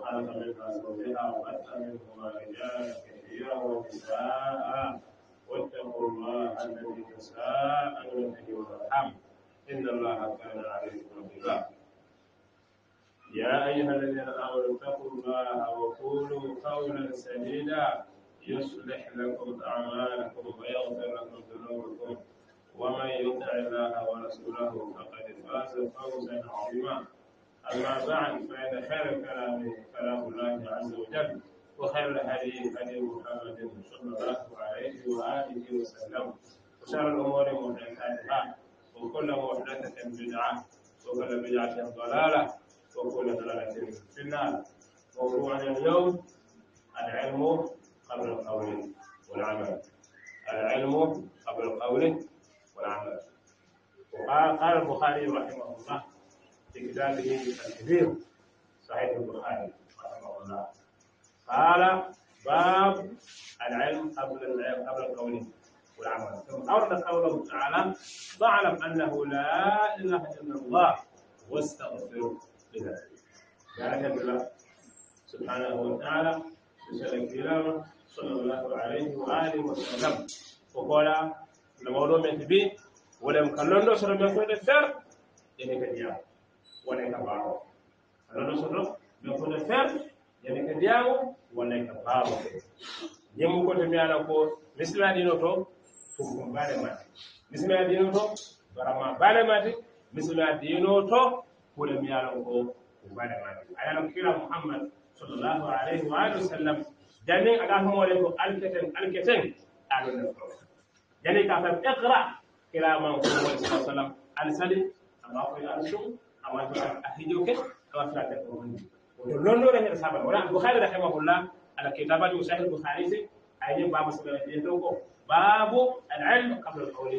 وخلق منها زوجها وبث منهما رجالا كثيرا ونساء واتقوا الله الذي تساءلون به والارحام ان الله كان عليكم رقيبا يا ايها الذين امنوا اتقوا الله وقولوا قولا سديدا يصلح لكم اعمالكم ويغفر لكم ذنوبكم ومن يطع الله ورسوله فقد فاز فوزا عظيما أما بعد فإن خير الكلام كلام الله عز وجل وخير الهدي هدي محمد صلى الله عليه وآله وسلم وشر الأمور محدثاتها وكل محدثة بدعة وكل بدعة ضلالة وكل ضلالة في النار موضوعنا اليوم العلم قبل القول والعمل العلم قبل القول والعمل وقال البخاري رحمه الله في كتابه الكبير صحيح البخاري رحمه الله قال باب العلم قبل العلم قبل القول والعمل ثم اورد قوله تعالى فاعلم انه لا اله الا الله واستغفر بذلك ذلك بالله سبحانه وتعالى بسنة كرامة صلى الله عليه وآله وسلم وقال المولوم يتبي ولم كان لندو سلم يقول الدار يعني كديا wala ka baro ala no sono no ko fer yani ka diago wala ka baro yemu ko to mi ala ko misla dino to to ko bare mate misla barama bale mati misla dino to ko le mi ala ko bare mati. ala no kira muhammad sallallahu alaihi wa alihi wasallam dani aga mo le ko alketen alketen ala no yani ka fa iqra kira man ko sallallahu alaihi wasallam al salim amma ko al amanta ahijoke amanta da non no ne sahaba wala bukhari rahimahullah ala kitabati sahih bukhari se ayin ba musu da ne doko babu al-ilm qabla al-qawli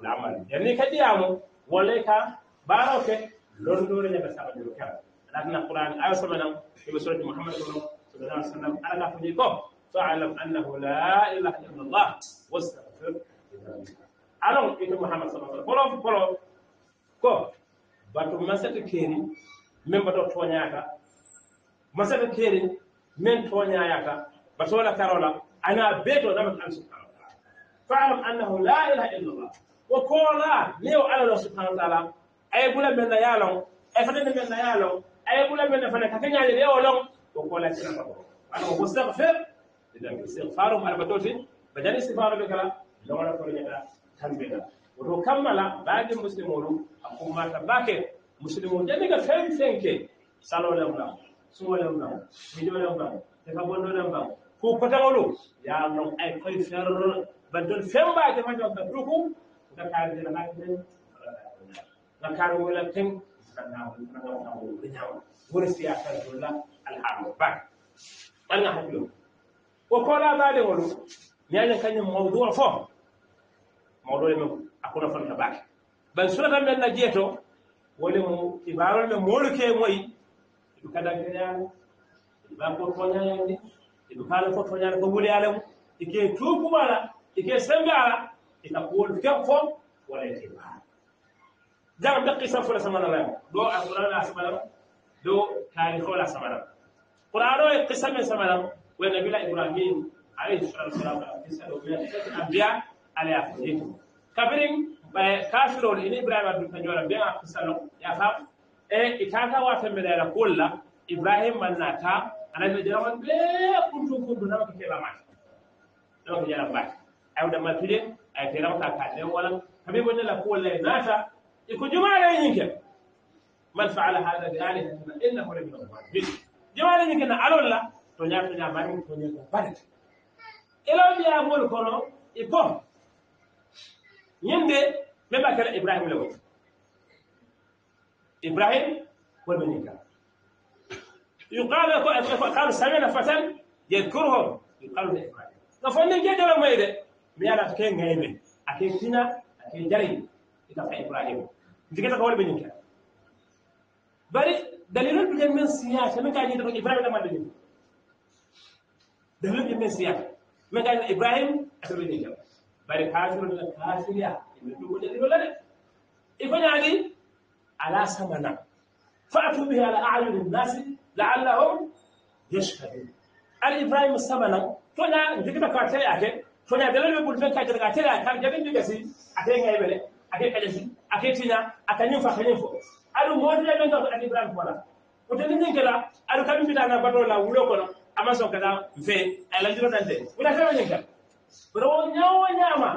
wal amal yani kadi amu wala ka baroke non no ne sahaba do ka lakna qur'an ayo samana fi surah muhammad sallallahu alaihi wasallam ala ka fuje ko فاعلم انه لا اله الا الله واستغفر لذنبك. علم ان محمد صلى الله عليه وسلم قولوا قولوا bantu masata keeri min bato toñaka masata keeri min toñayaka batola karola ana beto namat an subhanahu wa taala faalam annahu la ilaha illa allah wo koola niwo ala lo subhanahu wa taala aye bula men na yaalon aye fatande men na yaalon aye bula men na fana ka kañaade ɗe o lon wo koola kinama ko ana ko stahfir idan istigfarum ala batoti bajani istigfaru ɓe kala logona koroñaɗa kamɓe ɗa woto kammala baade musilimoolu a kummata baake musilimo janni ka feŋ feŋ ke saloo lem baŋ suŋo lem baŋ midoo lem baŋ teka bondoo lem baŋ kuu kotaŋolu ye a loŋ ay koye ferro bantol feŋ baa jafa jafa ka duku nka kaari jela haa feŋ nka kaari wola feŋ wuri siyasa jolla alhaalu baake al ŋa hakkilo wo koolaa baadeŋolu niŋ a je kañiŋ mawduu fo mawduu le meŋ akono fonta baake ban surata men na jeeto woni mo kibarol ɓe mooluke moyi eɓe kadankeñaani eɓe bankor toñayande eɓe kaala fof toñaade ko wuliyaale mum ike tuukum ala ike sembe ala ika kuwol ken fof wala ete baara jam ɓe qisa fula samanalaya ɗo alqurana samanam ɗo taarihola samanam qur'an o e qisa men samanam wo nabila ibrahim alayhi salatu wasalam qisa ɗo mbiya alayha fahimtum kabirin eh, kafirol ini ibrahima dum tan joola mbiyan akko salon yafam e eh, itaka wata mbeɗayla kolla ibrahima manna ta anaɓe jaraman ɓe kuntum kuntum nama ko keɓamata nama ko jaram mbata awda mattude ay te ramata kaɗen walan kabi bonnela kolla e naata e ko jumala e ñinken man faala hada bi alihatina innahu lamin alzalimin jumala ñinken na alolla to ñato ñamani ko ñinko barete elaw mbiya mol kono e pom ñende même akara ibrahim la wax ibrahim wal malika يقال لك قال سمعنا فتى يذكرهم يقال له ابراهيم فهم من جاي دوله مايده مي انا في كين غايمه اكين سينا اكين جاري اذا في ابراهيم ديك تا قول بنيك بارك دليل بجن من سياسه كان يدرك ابراهيم لما دليل دليل بجن من سياسه كان ابراهيم اسمه بنيك bari kafirla kafiriya ɓe ɗugoɗeɗi hollade i fañaani ala samana fatu bihi ala ayuni nnasi laallahum yashhadun al ibrahima samana toña jigita ka tawi ake toña dalal ɓe ɓulten kajata ka tawi aka jaɓen jigasi ake ŋayɓele ake kajasi ake tiña aka ñin fa kañin fo aɗum mootire ɓen gato al ibrahima fona oteni ñin kela aɗu kaɓe mbitana baɗola wulo kono ama son kada fe alajiroɗante wona fewa ñin kela bro nyawo nyama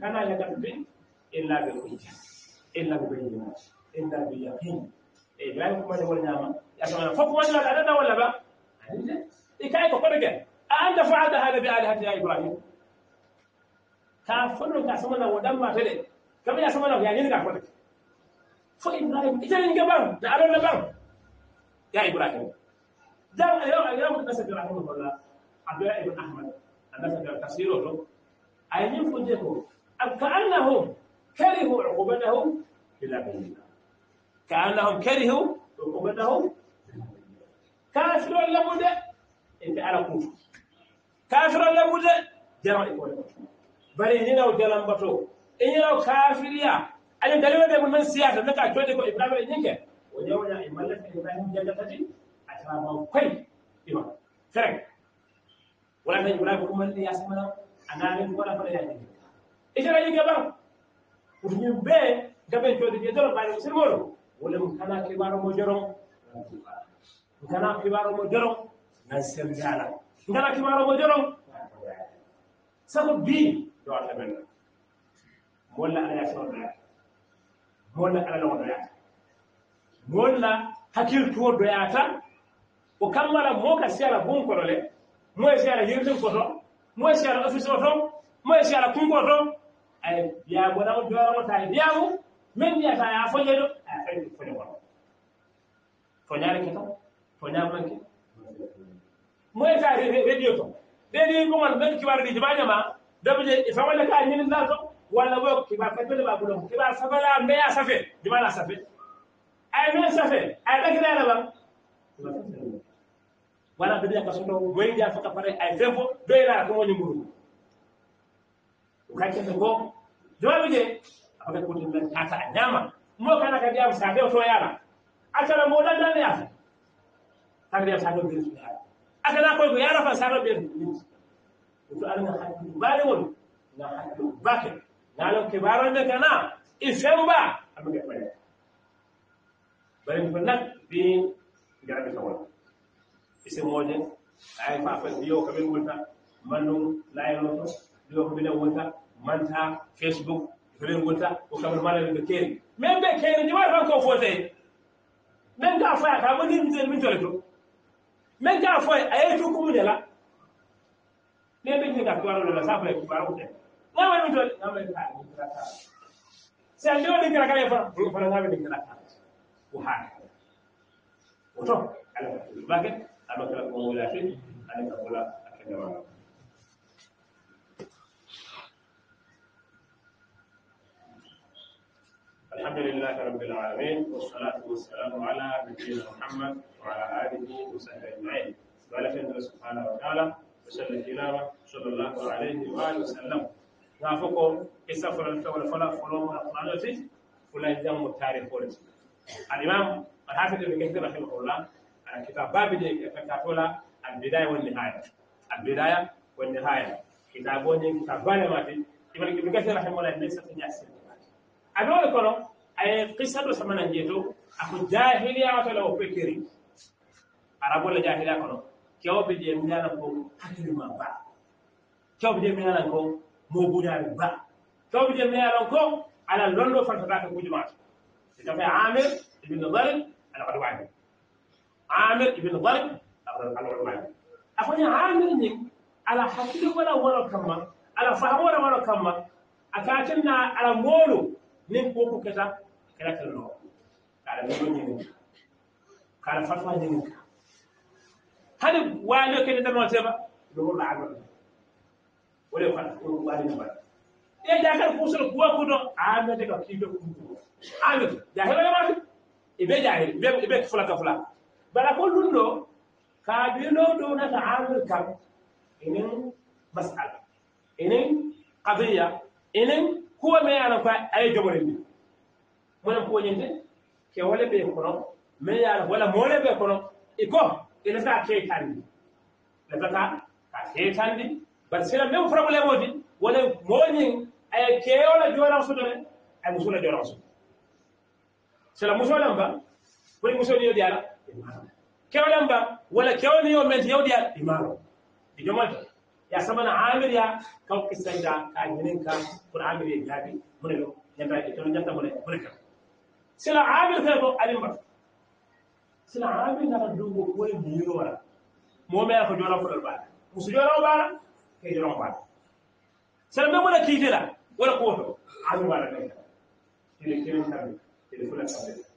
kana ya ga bin illa bi hujja illa bi bayyinat illa bi yaqin e bayan kuma da nyama ya sama fa kuma da da wala ba e kai ko kodage anta fa'alta hada bi alihati ya ibrahim ka fono ka sama na wadan mata de kamar ya sama na ya ne ka kodage fo ibrahim ita ne gaban da alon ban ya ibrahim dan ayo ayo da sabbi rahimahullah abdullah ibn ahmad هذا تفسيره أن ينفذه كأنهم كرهوا عقوبتهم إلى بيننا كأنهم كرهوا عقوبتهم كافر لابد أنت على كوف كافر لابد جرى يقول bari hina jalan bato in yana kafiriya anin dalilin da mun siyasa da ka tode ko ibrahim din ke wajen wajen imallaka ibrahim da ta tafi a tara kai ima tare ولا تجي ولا يقوم اللي يسمى أنا عارف ولا فلا يعني إيش رأيي كبار وفيهم بيه قبل تودي جدول ما يصير مرو ولا مكانا كبار مجرم مكانا كبار مجرم نسيم جالا مكانا كبار مجرم سبب بي دوار تبنا مولا أنا يسمى بيه مولا أنا لغة بيه مولا هكير تور بيه أتا وكمل مو كسيرة بوم كرولي mooy si yàlla yërëtëg ko to mooy si yàlla office o to mooy si yàlla kungo to ay biyaago ɗan jooramo taani biyaago min mbiyata a foñe ɗo a fayi foñe wono foñaare ke to foñaamanke mooy ka radio to radio ko man ɓen kibar ɗi jimaña ma dabje fawale ka ñininda to walla wo kibar kabele ma bulom kibar sabala mbeya safe jimala safe ay men safe ay ɗakirana ɓam wala dunia kasondo a faka pare ay fefo doyla ko woni muru ukake ngo dobe abe ko dum ata nyama mo kana ka diam sa deo to yala ata mo dan dan ya tan dia sa do be su ata na ko yala fa sa do be su to alma hadu bale won na hadu bake na lo ke baron de kana ifemba abe ke pare bari ko nak bi gara be sawala isimojin ay fafal ko kabe wonta lay to layloto ko kabe wonta manta facebook ko ren wonta o kabe mala be keri men be keri ni war ko fote men ga fa ka mo ni min tole to men ga fa ay to ko la men be ni ga ko wala sa fa ko ko te na ma min tol na ma ta se ando ni ka ka fa ko fa na be ni ka ta ko ha ko to ala ba ke ano kala ko wala tin ani ka الحمد لله رب العالمين والصلاة والسلام على نبينا محمد وعلى آله وصحبه أجمعين. في الله سبحانه وتعالى وسلم إلى صلى الله عليه وآله وسلم. نافقو إسا فلان فلان فلان فلان فلان فلان جام التاريخ الإمام الحافظ ابن كثير رحمه الله katika babu ile katika tola albidaya wa nihaya albidaya wa nihaya kitaboni kitabana mati ibn ibn kathir rahimahullah laysa fi yasir adole kono ay qissa do samana jeto ako jahiliya wato law fekiri arabo la jahiliya kono kewbe je minana ko hakilima ba kewbe je minana ko mobudari ba kewbe je minana ko ala londo fantata ko jumaa ita amir ibn dhalim ala qadwani عامر ابن ضرب أقول أخواني عامر نيم على حكيل ولا ولا كما على فهم ولا ولا كما أكاكلنا على مولو نيم كوكو كتا كلا كلا على مولو نيم على فتوى نيم هل والو كده ما تبا نقول عامر ولا يقال والو نبا إيه داخل فوسل كوا كده عامر ده كيف يكون عامر جاهل ولا ما إيه جاهل إيه كفلا كفلا bala ko ɗum ɗo kaabilo ɗownata amir kam enen masala enen kadiya enen kome ana ko aye jogore ndi monen koñente ke wole ɓe kono meyara wala mole ɓe kono e ko elata keytandi lasata ka keytandi bat sina même probléme odi wala moñin aye keyola joransudone ay musola joransude sila musolam ba woni musoniyodi ala kewɗen ba walla kewni o men yewdiya imano e jomata ya samana amiriya kaw kisayda ka ñinen ka pour amir e jaabi mune no ñandaje tono ñanta mune mune kam sila amir kene ko alim mbat sila amir nata dongo wone miino wala momea ko jolaw fodol baala musu jolaw baala ke jolaw baala sila mbe mune kiitela wala kooto amir wala kayta ene kenen kamɓe ene fula kamɓe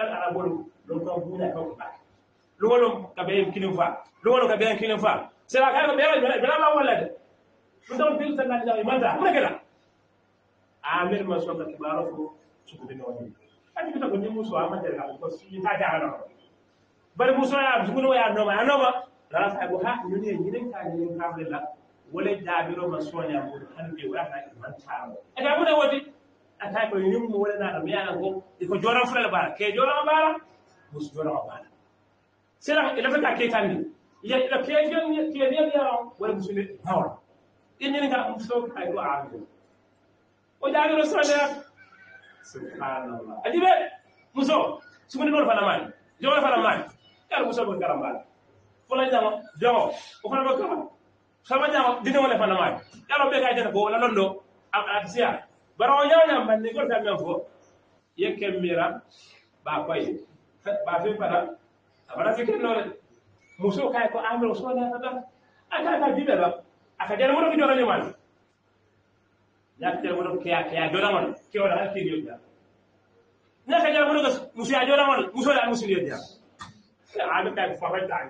yal ala bolu lon ko buula ko ba lolo ka be kilin fa lolo ka be kilin fa sera ka be be la wala de mun don fil tan na da manta mun kala amir ma so ka kibaro ko su ko dina wani ati ko ni muso amanta ka ko si ta da ala bari muso ya su ko ya no ma no ma la sa go ha ni ne ni ka ni ka la wala da biro ma so ya ko an be wa na manta e ka mun wadi ata ko nim mo wala na mi ala ko iko joram fulal bala ke joram bala mus joram bala sera ila fata ke tandi ya ila ke gen ke gen ya wala musule hawra inni nga muso ay do aabi o jaari rasulullah subhanallah adibe muso sumuni non fana mani jola fana mani kar muso ko karam bala fula jama jowo o fana ko karam sama jama dina wala fana mani yalo be kay tan ko la londo am afsiya bara o ñañam bande gol tan men fo ye kemmira ba koye ba fe fana a fana fe kennore muso kay ko amir o soda tata ata ta bibe ba aka jere wono ki jora ni man ya jere wono ke ya ke ya jora man ke wala ha ki yobda na ka jere wono muso ya jora man muso da muso yobda amir kay fa rajta an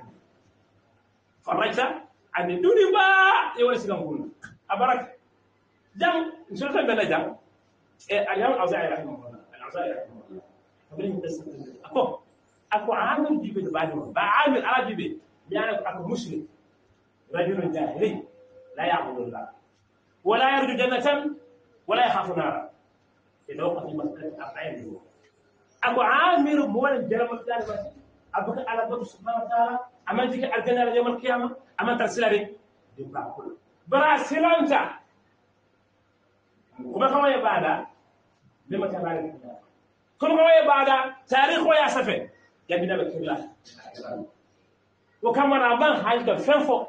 fa rajta an duni ba e wala sigan gun abarak jam so tan bela jam إيه، الإمام الأوزاعي رحمه الله أقول رحمه الله أقول أكو أكو عامل جبل بعدهم بعامل على جبل يعني أكو مسلم رجل جاهلي لا يعبد الله ولا يرجو جنة ولا يخاف نارا إذا أقول مسألة أربعين أقول أكو عامل أقول جرم الثاني بس أبوك على الله سبحانه وتعالى أما تجي الجنة يوم القيامة أما ترسل لك برا سلامتا وما كما بمكانك كل ما بعد تاريخ ويا سفه جميل بكلا وكما نعبان حاجة فنفو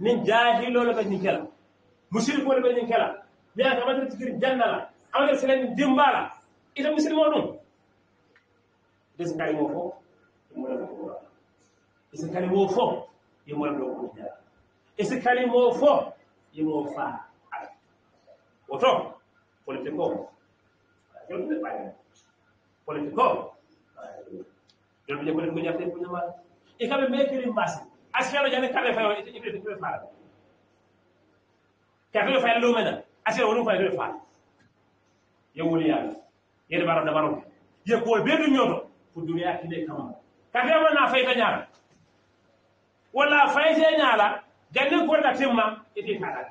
نين طيب. جاهل ولا بدين كلا مشرك ولا بدين كلا بيا كما تذكر الجنة لا أما ترسلين دمبالا إذا مسلمون لازم كان يوفو إذا كان يوفو يمر له إذا كان يوفو يموفا woto politique o politique o jolbije koɗen goñarte kuñama e kamɓe mekiri masi asfeno jane kaɓe fay faala kaɓeɗo fayla ɗumena asfeno woɗum fayɗo e, e faala yo woni yaala yede mbaro da mbaronde ye koo ɓeedu ñooto pour duniya kide kama kaɓemana fayta ñaala walla fayte ñaala jannde korɗa timma eti haalaɗe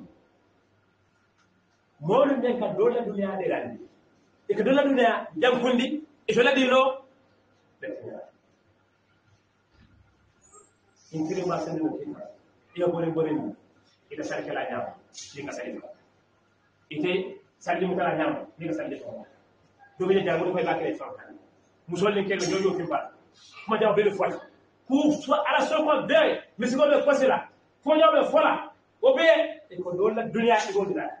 moolu men ka dola duniya ɗe randi e ka dola duniya jankundi e tola ɗino in kirima sendino kima iya bori bori ni ita sari kala ñama ni ka sali ite salli mu kala ñama ni ka salli fama domine jangudu koye bakere fama musol ni kelo jojo kimba kuma jaw bele fota ku ala soko be misigo be kosila ko jaw be fola o be e ko dola duniya e gondina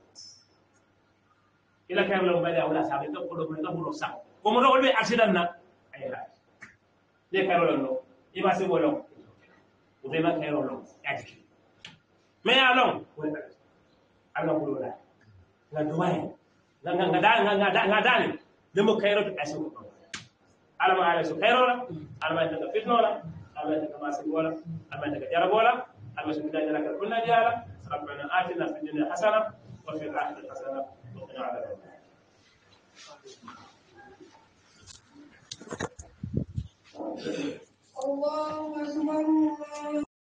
ila kayam la bada wala sabe ko ko do ko do sa ko mo do be accident na ay ha le kayro lo no e ba se bolo o be ma kayro lo ya ti me ya lo ala ko la la do ay la nga da nga da nga da ni de mo kayro to asu ala ma ala su kayro la ala ma ta fitno la ala ta ma se bola ala ta jara bola ala su bidaya la ka kunna jala ربنا آتنا في الدنيا حسنة وفي الآخرة حسنة Allah is the one